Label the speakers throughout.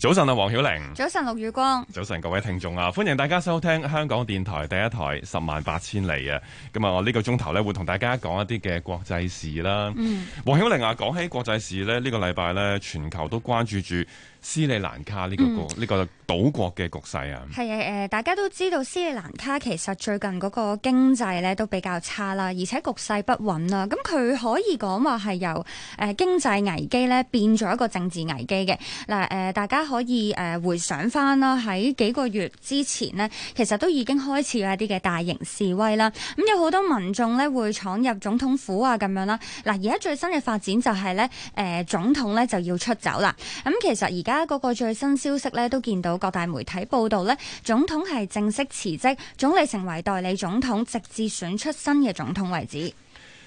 Speaker 1: 早晨啊，黃曉玲，
Speaker 2: 早晨陸宇光，
Speaker 1: 早晨各位聽眾啊，歡迎大家收聽香港電台第一台十萬八千里啊。咁啊，我呢個鐘頭呢，會同大家講一啲嘅國際事啦。嗯，黃曉玲啊，講起國際事呢，呢個禮拜呢，全球都關注住。斯里蘭卡呢個呢個島國嘅局勢啊，
Speaker 2: 係啊誒，大家都知道斯里蘭卡其實最近嗰個經濟咧都比較差啦，而且局勢不穩啦。咁佢可以講話係由誒經濟危機咧變咗一個政治危機嘅。嗱誒，大家可以誒回想返啦，喺幾個月之前呢，其實都已經開始有一啲嘅大型示威啦。咁有好多民眾咧會闖入總統府啊咁樣啦。嗱，而家最新嘅發展就係咧誒總統咧就要出走啦。咁其實而家。而家嗰個最新消息咧，都見到各大媒體報道呢，總統係正式辭職，總理成為代理總統，直至選出新嘅總統為止。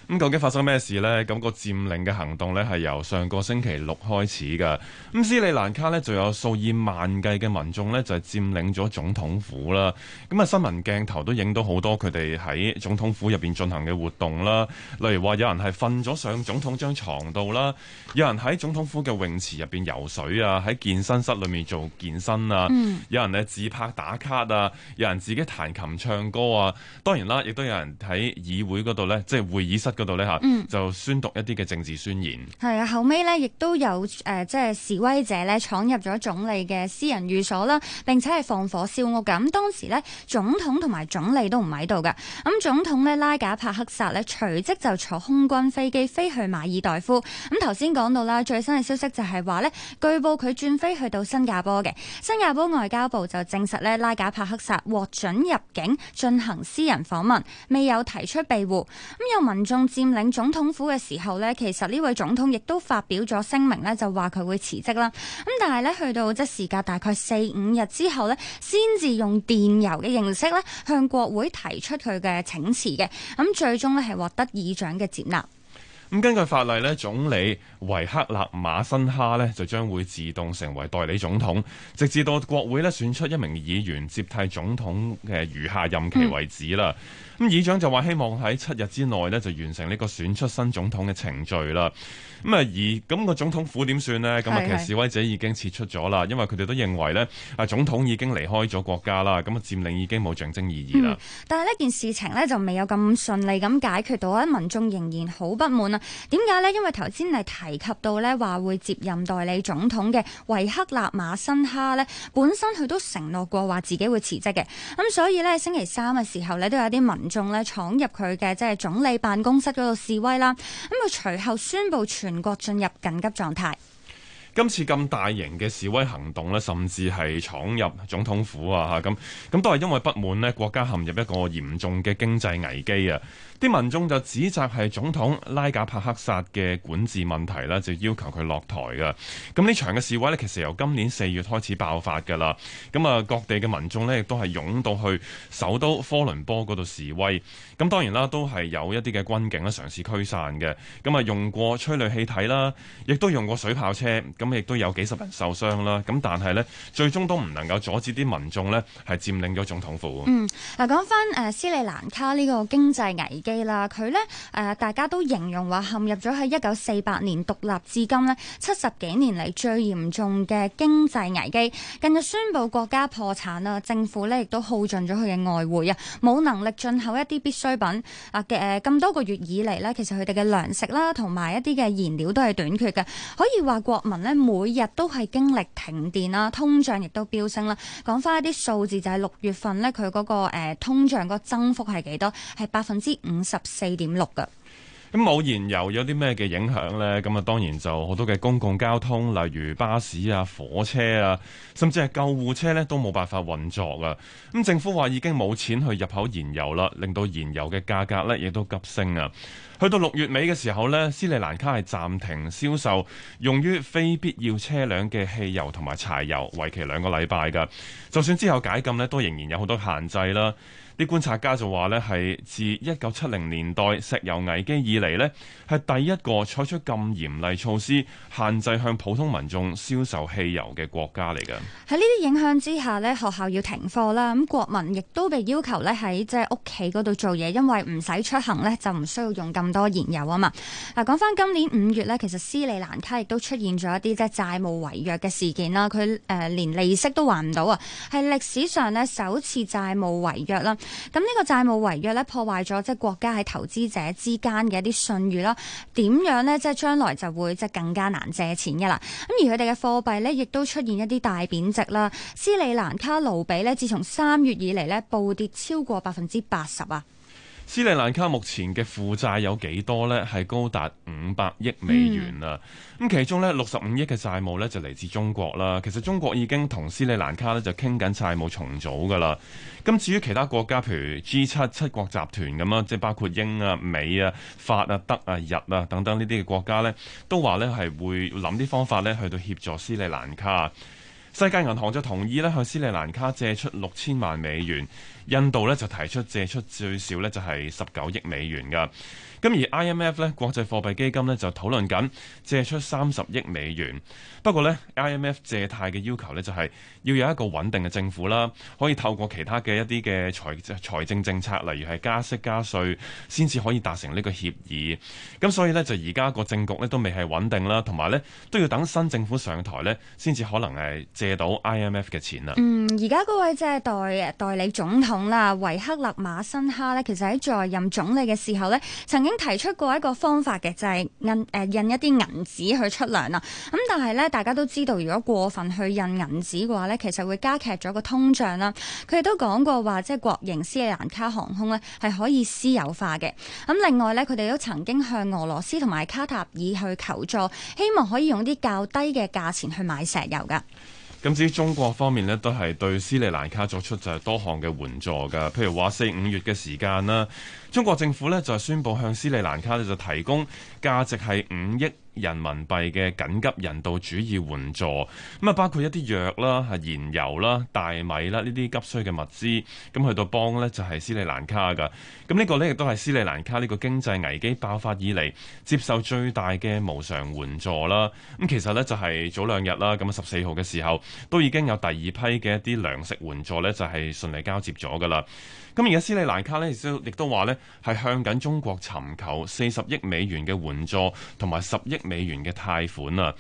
Speaker 1: 咁究竟發生咩事咧？咁，個佔領嘅行動咧係由上個星期六開始嘅。咁斯里蘭卡咧就有數以萬計嘅民眾咧就係佔領咗總統府啦。咁啊，新聞鏡頭都影到好多佢哋喺總統府入邊進行嘅活動啦。例如話有人係瞓咗上總統張床度啦，有人喺總統府嘅泳池入邊游水啊，喺健身室裏面做健身啊。嗯。有人咧自拍打卡啊，有人自己彈琴唱歌啊。當然啦，亦都有人喺議會度咧，即係會議室。嗰度呢吓，就宣讀一啲嘅政治宣言。
Speaker 2: 係啊，後尾呢，亦都有誒，即係示威者呢，闖入咗總理嘅私人寓所啦，並且係放火燒屋。咁當時呢，總統同埋總理都唔喺度㗎。咁總統呢，拉賈帕克薩呢，隨即就坐空軍飛機飛去馬爾代夫。咁頭先講到啦，最新嘅消息就係話呢，據報佢轉飛去到新加坡嘅。新加坡外交部就證實呢，拉賈帕克薩獲准入境進行私人訪問，未有提出庇護。咁有民眾。佔領總統府嘅時候呢，其實呢位總統亦都發表咗聲明呢，就話佢會辭職啦。咁但係呢，去到即係時隔大概四五日之後呢，先至用電郵嘅形式呢，向國會提出佢嘅請辭嘅。咁最終呢，係獲得議長嘅接納。
Speaker 1: 咁根據法例咧，總理維克勒馬辛哈呢就將會自動成為代理總統，直至到國會呢選出一名議員接替總統嘅餘下任期為止啦。咁、嗯、議長就話希望喺七日之內呢就完成呢個選出新總統嘅程序啦。咁啊而咁、咁個總統府點算呢？咁啊其實示威者已經撤出咗啦，因為佢哋都認為呢啊總統已經離開咗國家啦，咁啊佔領已經冇象徵意義啦、
Speaker 2: 嗯。但係呢件事情呢就未有咁順利咁解決到，咧民眾仍然好不滿啊！點解呢？因為頭先係提及到呢，話會接任代理總統嘅維克納馬辛哈呢，本身佢都承諾過，話自己會辭職嘅。咁所以呢，星期三嘅時候呢，都有啲民眾呢闖入佢嘅即係總理辦公室嗰度示威啦。咁佢隨後宣布全國進入緊急狀態。
Speaker 1: 今次咁大型嘅示威行動呢，甚至係闖入總統府啊！嚇咁咁都係因為不滿呢，國家陷入一個嚴重嘅經濟危機啊！啲民眾就指責係總統拉賈帕克薩嘅管治問題啦，就要求佢落台嘅。咁呢場嘅示威呢，其實由今年四月開始爆發噶啦。咁啊，各地嘅民眾呢亦都係湧到去首都科倫坡嗰度示威。咁當然啦，都係有一啲嘅軍警咧嘗試驅散嘅。咁啊，用過催淚氣體啦，亦都用過水炮車。咁亦都有幾十人受傷啦。咁但係呢，最終都唔能夠阻止啲民眾呢係佔領咗總統府。
Speaker 2: 嗯，嗱，講翻誒斯里蘭卡呢個經濟危機啦，佢呢，誒、呃、大家都形容話陷入咗喺一九四八年獨立至今呢七十幾年嚟最嚴重嘅經濟危機。近日宣布國家破產啦，政府呢亦都耗盡咗佢嘅外匯啊，冇能力進口一啲必需品。啊嘅咁多個月以嚟呢，其實佢哋嘅糧食啦同埋一啲嘅燃料都係短缺嘅，可以話國民呢，每日都係經歷停電啦，通脹亦都飆升啦。講返一啲數字，就係、是、六月份咧，佢嗰、那個誒、呃、通脹個增幅係幾多少？係百分之五十四點六嘅。
Speaker 1: 咁冇燃油有啲咩嘅影響呢？咁啊當然就好多嘅公共交通，例如巴士啊、火車啊，甚至係救護車呢都冇辦法運作噶。咁政府話已經冇錢去入口燃油啦，令到燃油嘅價格呢亦都急升啊！去到六月尾嘅時候呢，斯里蘭卡係暫停銷售用於非必要車輛嘅汽油同埋柴油，為期兩個禮拜噶。就算之後解禁呢，都仍然有好多限制啦。啲觀察家就話呢，係自一九七零年代石油危機以嚟呢，係第一個採取咁嚴厲措施，限制向普通民眾銷售汽油嘅國家嚟嘅。
Speaker 2: 喺呢啲影響之下呢，學校要停課啦。咁國民亦都被要求咧喺即係屋企嗰度做嘢，因為唔使出行呢，就唔需要用咁多燃油啊嘛。嗱，講翻今年五月呢，其實斯里蘭卡亦都出現咗一啲即係債務違約嘅事件啦。佢誒連利息都還唔到啊，係歷史上呢首次債務違約啦。咁、這、呢個債務違約咧，破壞咗即係國家喺投資者之間嘅一啲信譽啦。點樣咧，即係將來就會即係更加難借錢嘅啦。咁而佢哋嘅貨幣咧，亦都出現一啲大貶值啦。斯里蘭卡盧比咧，自從三月以嚟咧，暴跌超過百分之八十啊！
Speaker 1: 斯里蘭卡目前嘅負債有幾多呢？係高達五百億美元啦。咁其中咧六十五億嘅債務咧就嚟自中國啦。其實中國已經同斯里蘭卡咧就傾緊債,債務重組噶啦。咁至於其他國家，譬如 G 七七國集團咁啊，即係包括英啊、美啊、法啊、德啊、日啊等等呢啲嘅國家呢，都話咧係會諗啲方法咧去到協助斯里蘭卡。世界銀行就同意咧向斯里蘭卡借出六千萬美元，印度咧就提出借出最少咧就係十九億美元嘅。咁而 IMF 呢國際貨幣基金呢就討論緊借出三十億美元。不過呢 IMF 借貸嘅要求呢就係要有一個穩定嘅政府啦，可以透過其他嘅一啲嘅財財政政策，例如係加息加稅，先至可以達成呢個協議。咁所以呢，就而家個政局呢都未係穩定啦，同埋呢都要等新政府上台呢先至可能係。借到 IMF 嘅錢啦。
Speaker 2: 嗯，而家嗰位即係代代理總統啦，維克勒馬辛哈呢，其實喺在任總理嘅時候呢，曾經提出過一個方法嘅，就係、是、印、誒印一啲銀紙去出糧啦。咁但係呢，大家都知道，如果過分去印銀紙嘅話呢，其實會加劇咗個通脹啦。佢哋都講過話，即係國營斯里蘭卡航空呢，係可以私有化嘅。咁另外呢，佢哋都曾經向俄羅斯同埋卡塔爾去求助，希望可以用啲較低嘅價錢去買石油噶。
Speaker 1: 咁至於中國方面呢，都係對斯里蘭卡作出就係多項嘅援助㗎。譬如話四五月嘅時間啦。中國政府呢就係宣布向斯里蘭卡呢就提供價值係五億人民幣嘅緊急人道主義援助，咁啊包括一啲藥啦、係燃油啦、大米啦呢啲急需嘅物資，咁去到幫呢就係斯里蘭卡㗎。咁呢個呢亦都係斯里蘭卡呢個經濟危機爆發以嚟接受最大嘅無償援助啦。咁其實呢就係早兩日啦，咁啊十四號嘅時候都已經有第二批嘅一啲糧食援助呢，就係順利交接咗㗎喇。咁而家斯里蘭卡咧亦都話話咧，係向緊中國尋求四十億美元嘅援助同埋十億美元嘅貸款啊！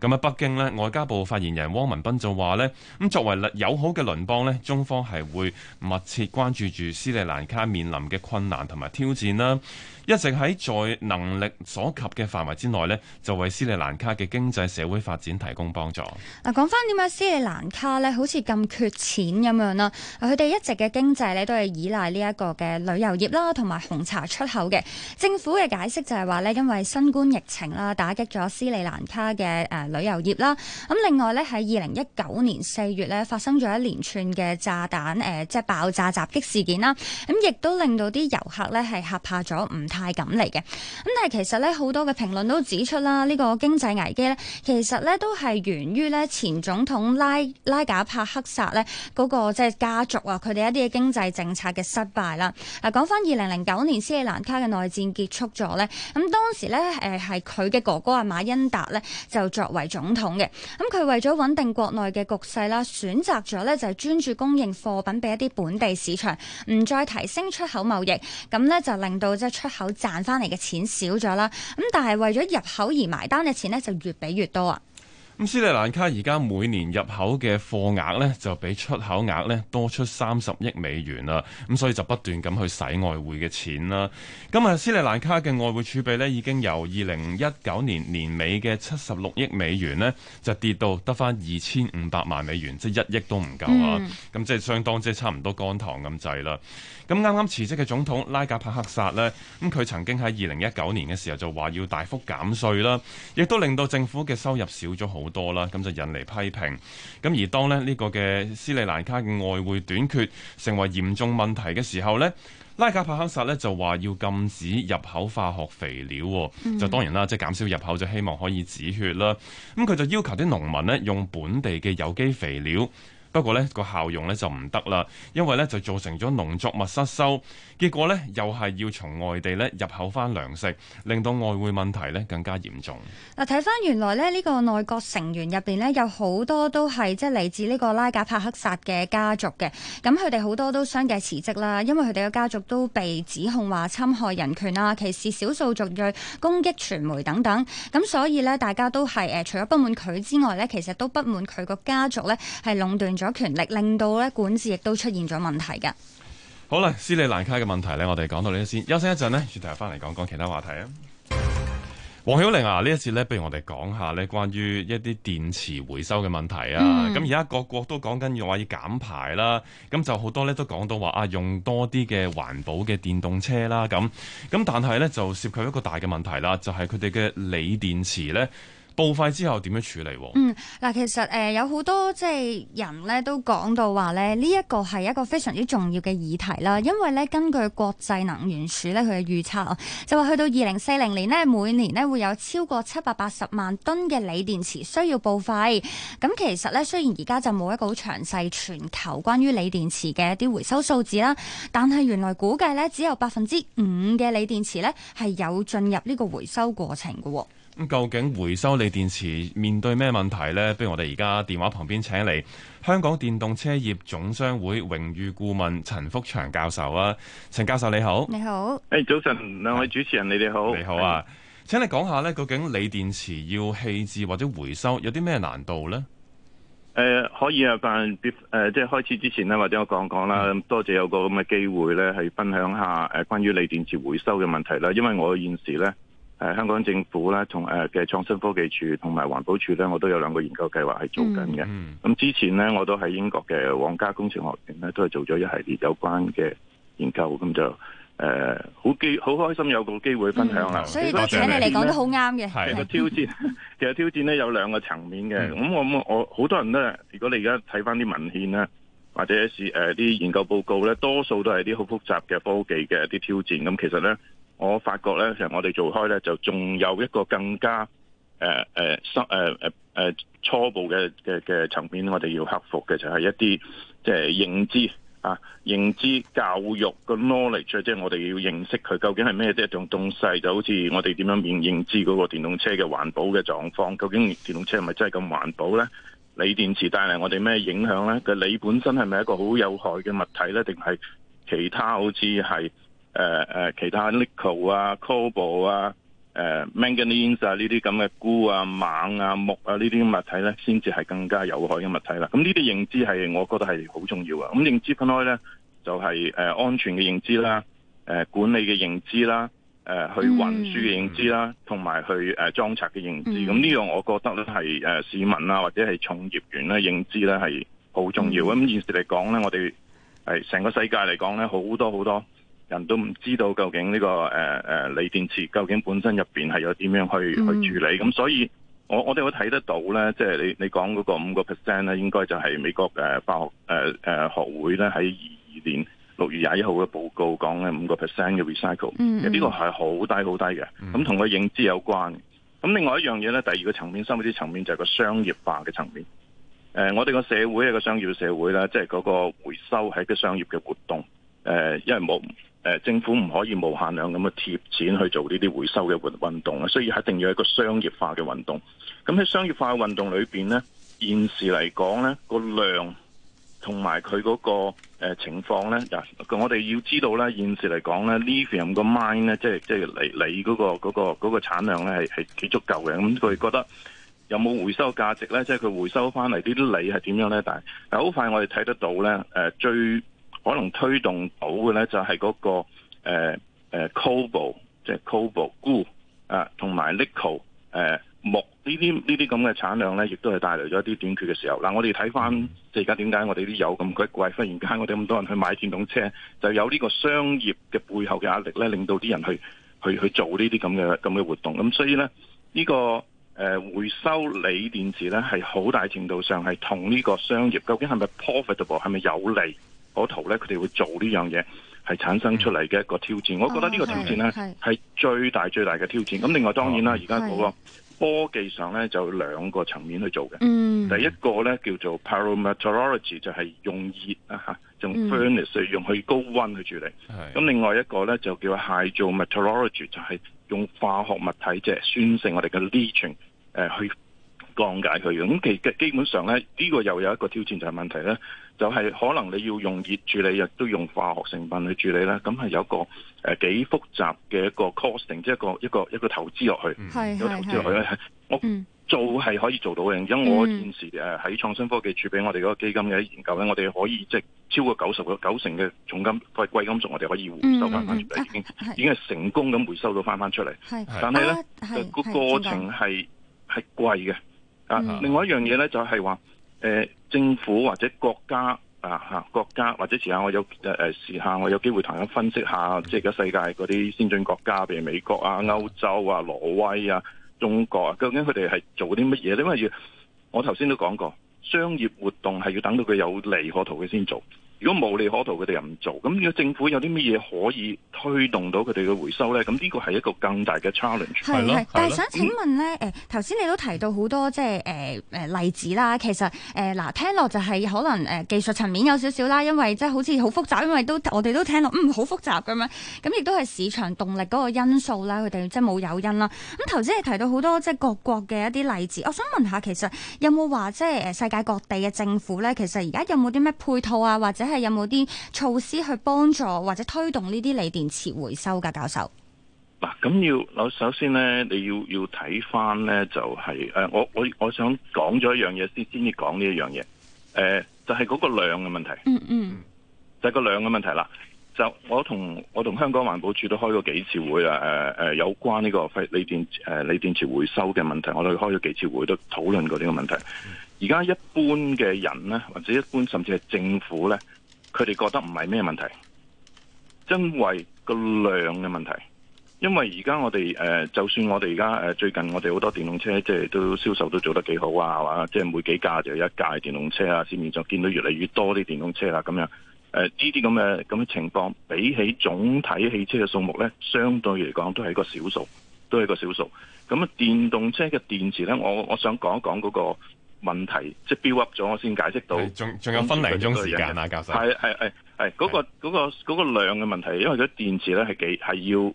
Speaker 1: 咁啊，北京咧，外交部發言人汪文斌就話咧，咁作為友好嘅鄰邦咧，中方係會密切關注住斯里蘭卡面臨嘅困難同埋挑戰啦，一直喺在，在能力所及嘅範圍之內咧，就為斯里蘭卡嘅經濟社會發展提供幫助。
Speaker 2: 嗱，講翻點解斯里蘭卡咧好似咁缺錢咁樣啦？佢哋一直嘅經濟咧都係依賴呢一個嘅旅遊業啦，同埋紅茶出口嘅。政府嘅解釋就係話咧，因為新冠疫情啦，打擊咗斯里蘭卡嘅誒，旅遊業啦，咁另外咧喺二零一九年四月咧發生咗一連串嘅炸彈誒，即係爆炸襲擊事件啦，咁亦都令到啲遊客咧係嚇怕咗，唔太敢嚟嘅。咁但係其實咧好多嘅評論都指出啦，呢個經濟危機咧其實咧都係源於咧前總統拉拉賈帕克薩咧嗰個即係家族啊，佢哋一啲嘅經濟政策嘅失敗啦。嗱，講翻二零零九年斯里蘭卡嘅內戰結束咗咧，咁當時咧誒係佢嘅哥哥啊馬恩達咧就作為為總統嘅，咁，佢為咗穩定國內嘅局勢啦，選擇咗咧就係專注供應貨品俾一啲本地市場，唔再提升出口貿易，咁咧就令到即係出口賺翻嚟嘅錢少咗啦。咁但係為咗入口而埋單嘅錢咧，就越俾越多啊。
Speaker 1: 咁斯里蘭卡而家每年入口嘅貨額呢，就比出口額呢多出三十億美元啦。咁所以就不斷咁去使外匯嘅錢啦。咁啊，斯里蘭卡嘅外匯儲備呢，已經由二零一九年年尾嘅七十六億美元呢，就跌到得返二千五百萬美元，即、就係、一億都唔夠啊。咁、嗯、即係相當即係差唔多乾塘咁滯啦。咁啱啱辭職嘅總統拉賈帕克薩呢，咁佢曾經喺二零一九年嘅時候就話要大幅減稅啦，亦都令到政府嘅收入少咗好。多啦，咁就引嚟批評。咁而當咧呢個嘅斯里蘭卡嘅外匯短缺成為嚴重問題嘅時候呢，拉卡帕克薩咧就話要禁止入口化學肥料，嗯。就當然啦，即係減少入口，就希望可以止血啦。咁佢就要求啲農民呢用本地嘅有機肥料。不過呢個效用呢就唔得啦，因為呢就造成咗農作物失收，結果呢又係要從外地呢入口翻糧食，令到外匯問題呢更加嚴重。
Speaker 2: 嗱，睇翻原來呢呢個內閣成員入邊呢，有好多都係即係嚟自呢個拉賈帕克薩嘅家族嘅，咁佢哋好多都相繼辭職啦，因為佢哋嘅家族都被指控話侵害人權啊、歧視少數族裔、攻擊傳媒等等，咁所以呢，大家都係誒除咗不滿佢之外呢，其實都不滿佢個家族呢係壟斷。咗權力，令到咧管治亦都出現咗問題嘅。
Speaker 1: 好啦，斯里蘭卡嘅問題咧，我哋講到呢先，休息一陣呢轉頭翻嚟講講其他話題啊。黃曉玲啊，呢一次咧，不如我哋講下咧關於一啲電池回收嘅問題啊。咁而家各國都講緊要話要減排啦，咁就好多咧都講到話啊，用多啲嘅環保嘅電動車啦，咁咁但係咧就涉及一個大嘅問題啦，就係佢哋嘅鋰電池咧。報廢之後點樣處理？嗯，
Speaker 2: 嗱，其實誒、呃，有好多即係人咧都講到話咧，呢一個係一個非常之重要嘅議題啦。因為咧，根據國際能源署咧佢嘅預測，就話去到二零四零年咧，每年咧會有超過七百八十萬噸嘅鋰電池需要報廢。咁其實咧，雖然而家就冇一個好詳細全球關於鋰電池嘅一啲回收數字啦，但係原來估計咧只有百分之五嘅鋰電池咧係有進入呢個回收過程
Speaker 1: 嘅。咁究竟回收鋰電池面對咩問題呢？不如我哋而家電話旁邊請嚟，香港電動車業總商會榮譽顧問陳福祥教授啊。陳教授你好，
Speaker 3: 你好，誒、hey, 早晨，兩位主持人你哋好，你好啊，
Speaker 1: 請你講下呢，究竟鋰電池要棄置或者回收有啲咩難度呢？誒、
Speaker 3: 呃，可以啊，但誒、呃，即係開始之前呢，或者我講講啦、嗯。多謝有個咁嘅機會咧，係分享下誒關於鋰電池回收嘅問題啦，因為我現時咧。誒、呃，香港政府呢，同誒嘅創新科技署同埋環保署咧，我都有兩個研究計劃係做緊嘅。咁、嗯嗯嗯嗯、之前咧，我都喺英國嘅皇家工程學院咧，都係做咗一系列有關嘅研究。咁就誒好機好開心有個機會分享啦。嗯嗯、所以多謝你嚟講都好
Speaker 2: 啱嘅。係個
Speaker 3: 挑戰，其實挑戰咧有兩個層面嘅。咁、嗯嗯嗯、我我我好多人都，如果你而家睇翻啲文獻咧，或者是誒啲、呃、研究報告咧，多數都係啲好複雜嘅科技嘅一啲挑戰。咁其實咧。我發覺咧，其實我哋做開咧，就仲有一個更加誒誒新誒初步嘅嘅嘅層面，我哋要克服嘅就係、是、一啲即係認知啊，認知教育嘅 knowledge，即係我哋要認識佢究竟係咩啫？仲仲細到好似我哋點樣認認知嗰個電動車嘅環保嘅狀況，究竟電動車係咪真係咁環保咧？鋰電池帶嚟我哋咩影響咧？佢鋰本身係咪一個好有害嘅物體咧？定係其他好似係？誒、呃、誒，其他 nickel 啊、cobalt 啊、誒、呃、manganese 啊呢啲咁嘅鈷啊、錳啊、鉬啊呢啲物體咧，先至係更加有害嘅物體啦。咁呢啲認知係，我覺得係好重要啊。咁認知方面咧，就係、是、誒、呃、安全嘅認知啦，誒、呃、管理嘅認知啦，誒、呃、去運輸嘅認知啦，同、mm、埋 -hmm. 去誒裝拆嘅認知。咁呢樣我覺得咧係誒市民啊或者係從業員咧、啊、認知咧係好重要。咁現時嚟講咧，我哋係成個世界嚟講咧，好多好多。人都唔知道究竟呢、這個誒誒鋰電池究竟本身入邊係有點樣去、嗯、去處理，咁所以我我哋都睇得到咧，即、就、係、是、你你講嗰個五個 percent 咧，應該就係美國誒化學誒誒學會咧喺二二年六月廿一號嘅報告講嘅五個 percent 嘅 recycle，呢個係好低好低嘅，咁同個認知有關。咁另外一樣嘢咧，第二個層面，深啲層面就係個商業化嘅層面。誒、呃，我哋個社會一個商業社會咧，即係嗰個回收係一個商業嘅活動。誒、呃，因為冇。誒政府唔可以無限量咁去貼錢去做呢啲回收嘅運運動，所以一定要一個商業化嘅運動。咁喺商業化嘅運動裏面咧，現時嚟講咧，個量同埋佢嗰個情況咧，我哋要知道咧，現時嚟講咧 Lithium 個 mine 咧，即係即係鋰嗰個嗰個嗰個產量咧，係係幾足夠嘅。咁佢覺得有冇回收價值咧？即係佢回收翻嚟啲鋰係點樣咧？但係但係好快我哋睇得到咧，誒最。可能推動到嘅咧，就係嗰個誒 cobalt，即係 cobalt 鈷啊，同埋 nickel 誒木呢啲呢啲咁嘅產量咧，亦都係帶來咗一啲短缺嘅時候。嗱、啊，我哋睇翻即而家點解我哋啲油咁鬼貴？忽然間我哋咁多人去買電動車，就有呢個商業嘅背後嘅壓力咧，令到啲人去去去做呢啲咁嘅咁嘅活動。咁所以咧，呢、呢個誒回收鋰電池咧，係好大程度上係同呢個商業究竟係咪 profitable，係咪有利？嗰圖咧，佢哋會做呢樣嘢，係產生出嚟嘅一個挑戰。我覺得呢個挑戰咧係最大最大嘅挑戰。咁另外當然啦，而家嗰個科技上咧就有兩個層面去做嘅、嗯。第一個咧叫做 pyrometallurgy 就係用熱啊嚇，用 furnace 用去高溫去處理。咁、嗯、另外一個咧就叫 hydrometallurgy，就係用化學物體即係酸性我哋嘅 leaching、呃、去。降解佢嘅，咁其實基本上咧，呢、這個又有一個挑戰就係問題咧，就係、是、可能你要用熱處理，亦都用化學成分去處理咧，咁係有一個誒幾複雜嘅一個 costing，即係一個一個一個投資落去，嗯、有投資落去咧，我做係可以做到嘅、嗯，因為我現時誒喺創新科技署俾我哋嗰個基金嘅研究咧，我哋可以即係超過九十個九成嘅重金，貴貴金屬，我哋可以回收翻翻出嚟、嗯嗯嗯啊，已經係成功咁回收到翻翻出嚟，但係咧個過程係係貴嘅。啊！另外一樣嘢咧，就係話誒政府或者國家啊嚇、啊、國家，或者時下我有誒誒時下我有機會同佢分析下，即係而家世界嗰啲先進國家，譬如美國啊、歐洲啊、挪威啊、中國啊，究竟佢哋係做啲乜嘢咧？因為我頭先都講過，商業活動係要等到佢有利可圖嘅先做。如果冇利可圖，佢哋又唔做，咁如果政府有啲乜嘢可以推動到佢哋嘅回收咧？咁呢個係一個更大嘅 challenge，係咯？但係想請
Speaker 2: 問咧，誒頭先你都提到好多即係誒誒例子啦，其實誒嗱、呃、聽落就係可能誒技術層面有少少啦，因為即係好似好複雜，因為都我哋都聽落嗯好複雜咁樣，咁亦都係市場動力嗰個因素啦，佢哋即係冇誘因啦。咁頭先你提到好多即係各國嘅一啲例子，我想問下其實有冇話即係誒世界各地嘅政府咧，其實而家有冇啲咩配套啊或者？係有冇啲措施去幫助或者推動呢啲鋰電池回收噶？教授
Speaker 3: 嗱，咁要首先咧，你要要睇翻咧，就係誒，我我我想講咗一樣嘢先，先至講呢一樣嘢。誒、呃，就係嗰個量嘅問題。嗯嗯，就係個量嘅問題啦。就我同我同香港環保署都開過幾次會啦。誒、呃、誒，有關呢個廢鋰電誒鋰電池回收嘅問題，我哋開咗幾次會都討論過呢個問題。而家一般嘅人咧，或者一般甚至係政府咧。佢哋覺得唔係咩問題，因為個量嘅問題。因為而家我哋誒，就算我哋而家誒最近我哋好多電動車，即係都銷售都做得幾好啊，係嘛？即係每幾架就有一架電動車啊，市面上見到越嚟越多啲電動車啦，咁樣誒呢啲咁嘅咁嘅情況，比起總體汽車嘅數目咧，相對嚟講都係一個少數，都係一個少數。咁啊，電動車嘅電池咧，我我想講一講嗰個。問題即係 build up 咗，我先解釋到。仲仲有分零鐘時間啊，教授。係係係嗰個嗰嗰、嗰個、量嘅問題，因為佢電池咧係幾係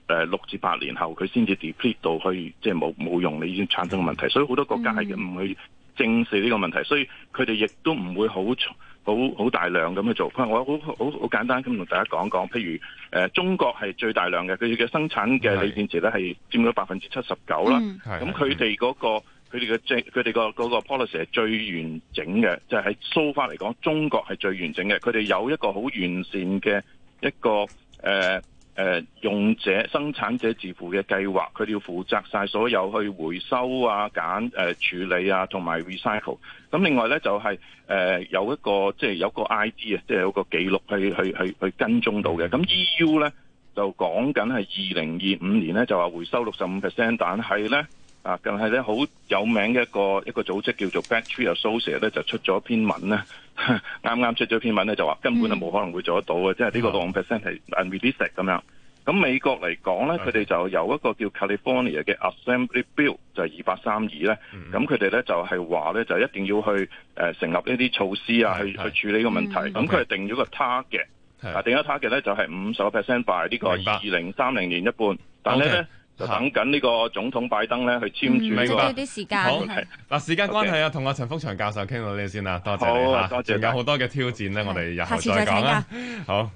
Speaker 3: 要誒六至八年後佢先至 deplete 到去，即係冇冇用，你已經產生問題。所以好多國家係唔去正視呢個問題，嗯、所以佢哋亦都唔會好好好大量咁去做。我好好好簡單咁同大家講講，譬如、呃、中國係最大量嘅，佢哋嘅生產嘅鋰電池咧係佔咗百分之七十九啦。咁佢哋嗰個。佢哋嘅政，佢哋個嗰 policy 係最完整嘅，就係 so far 嚟講，中國係最完整嘅。佢哋有一個好完善嘅一個誒用者生產者自負嘅計劃，佢哋要負責曬所有去回收啊、揀誒處理啊同埋 recycle。咁另外咧就係誒有一個即係有個 ID 啊，即係有個記錄去，去去去去跟蹤到嘅。咁 EU 咧就講緊係二零二五年咧就話回收六十五 percent，但係咧。啊，近嚟咧好有名嘅一個一個組織叫做 Battery Associates 咧，就出咗篇文咧，啱啱出咗篇文咧就話、嗯、根本就冇可能會做得到嘅、嗯，即係呢個六五 percent 係 unrealistic 咁樣。咁美國嚟講咧，佢、嗯、哋就有一個叫 California 嘅 Assembly Bill 就係二八三二咧，咁佢哋咧就係話咧就一定要去、呃、成立呢啲措施啊，去去處理個問題。咁佢哋定咗個 target 啊，定咗 target 咧就係五十 percent by 呢個二零三零年一半，但係咧。Okay. 等緊呢個總統拜登咧去簽署，呢，明白。時間好，
Speaker 1: 嗱是，時間關係啊，同阿陳福祥教授傾到呢啲先啦，多謝你吓，多謝。仲有好多嘅挑戰咧，對我哋日後再講啦。好。